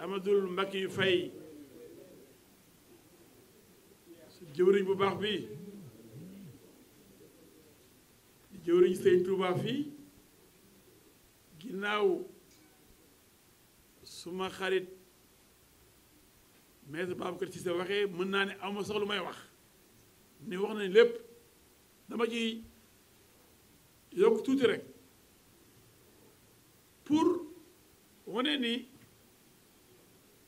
Amadou Mbacké Faye su jëwriñ bu baax bi di jëwriñ Sëriñ Tuubaa fii ginnaaw suma xarit maître Babacar Cissé waxee mën naa ne awma sax lu may wax ni wax nañ lépp dama ci yokk tuuti rek pour wane ni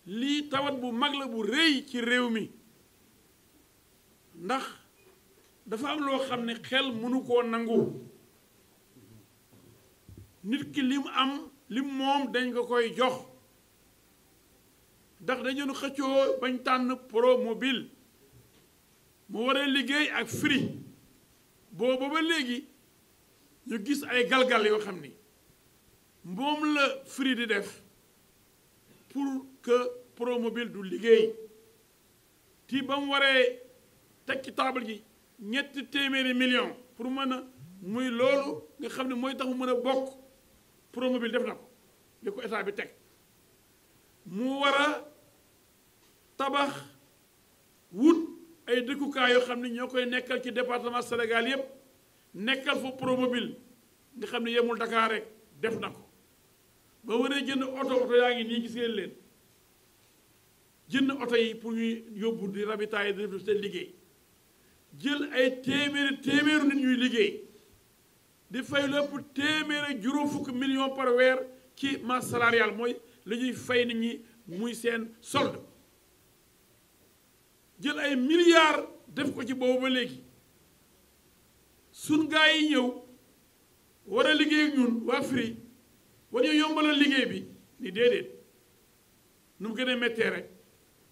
lii tawat bu mag la bu rëy ci réew mi ndax dafa am loo xam ne xel mënu koo nangu nit ki lim am lim moom dañ ko koy jox ndax dañu xëccoo bañ tànn promobile mu waree liggéey ak Free booba ba léegi ñu gis ay galgal yoo xam ni moom la Free di def pour que promobile du liggéey ti ba mu waree teg ci table ji ñetti téeméeri million pour mën a muy loolu nga xam ne mooy tax mu mën a bokk promobile def na ko li ko état bi teg mu war tabax wut ay dëkkukaay yoo xam ne ñoo koy nekkal ci département Sénégal yépp nekkal fa promobile nga xam ne yemul Dakar rek def na ko ba waree jënd oto oto yaa ngi nii gis ngeen leen jën oto yi pour ñuy yóbbu di rabitaay di def seen liggéey jël ay téeméeri téeméeru nit ñuy liggéey di fay lépp téeméeri juróom fukk million par weer ci masse salariale mooy li ñuy fay nit ñi muy seen solde jël ay milliards def ko ci boobu ba léegi sun gaa yi ñëw war a liggéey ak ñun waa Firi war ñu yombalal liggéey bi ni déedéet nu mu gën a méttee rek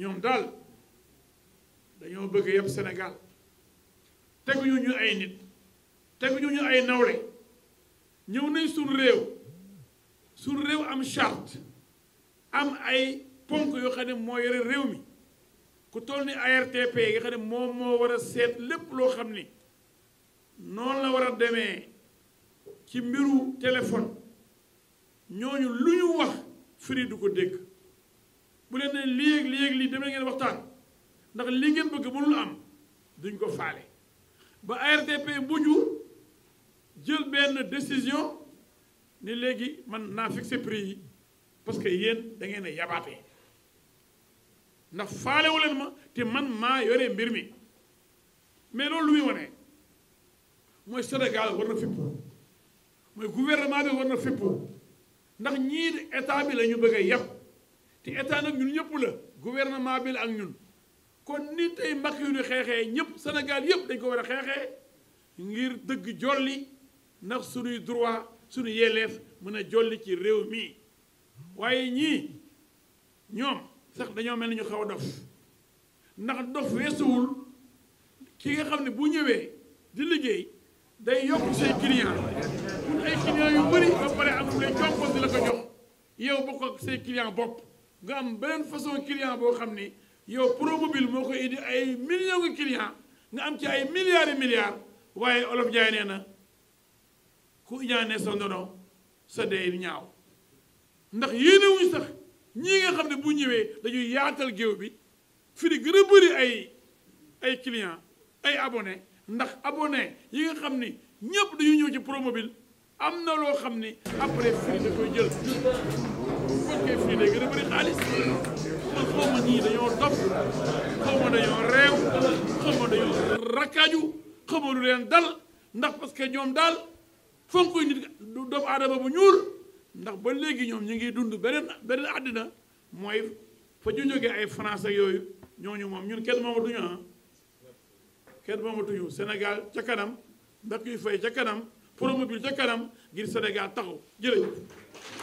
ñoom daal dañoo bëgg yëpp Sénégal teguñu ñu ay nit teguñu ñu ay nawle ñëw nañ suñ réew suñ réew am charte am ay ponk yoo xam ne moo yore réew mi ku toll ni ARTP nga xam ne moom moo war a seet lépp loo xam ni noonu la war a demee ci mbiru téléphone ñooñu lu ñu wax firi du ko dégg bu leen ne lii ak lii ak demee ngeen waxtaan ndax li ngeen bëgg mënul am duñ ko faale ba ARTP bu ñu jël benn décision ni léegi man naa fi prix yi parce que yéen da ngeen a ndax faalewu leen ma te man maa yore mbir mi mais loolu lu muy wane mooy Sénégal war na fippu mooy gouvernement bi war na fippu ndax ñii état bi la ñu bëgg a yàpp ci état nag ñun ñëpp la gouvernement bi la ak ñun kon ni tey mbakk yu xeexee ñëpp Sénégal yëpp dañ ko war a xeexee ngir dëgg jolli ndax suñuy droit suñu yelleef mën a jolli ci réew mi waaye ñii ñoom sax dañoo mel ni ñu xaw a dof ndax dof weesuwul ki nga xam ne bu ñëwee di liggéey day yokk say client mun ay client yu bëri ba pare am lay compos di la ko jox yow bokk ak say client bopp nga am beneen façon client boo xam ni yow promobile boo ko indi ay millions de clients nga am ci ay milliards et waaye olof jaay nee na ku iñaane sa ndono sa dee ñaaw ndax yéene wuñ sax ñii nga xam ne bu ñëwee dañuy yaatal géew bi fi di gën bëri ay ay clients ay abone ndax abone yi nga xam ni ñëpp dañuy ñëw ci promobile am na loo xam ne après fii da koy jël bokkee fii day gën a bëri xaalis man xaw ma ñii dañoo dof xaw ma dañoo réew xaw ma dañoo rakkaaju xaw ma lu leen dal ndax parce que ñoom daal fonk nit du doomu bu ñuul ndax ba léegi ñoom ñu ngiy dund beneen beneen àddina mooy fa ñu jógee ay français yooyu ñooñu moom ñun kenn moomatuñu ah kenn moomatuñu Sénégal ca kanam ndax kuy fay ca kanam promobile ca kanam ngir Sénégal taxaw jërëjëf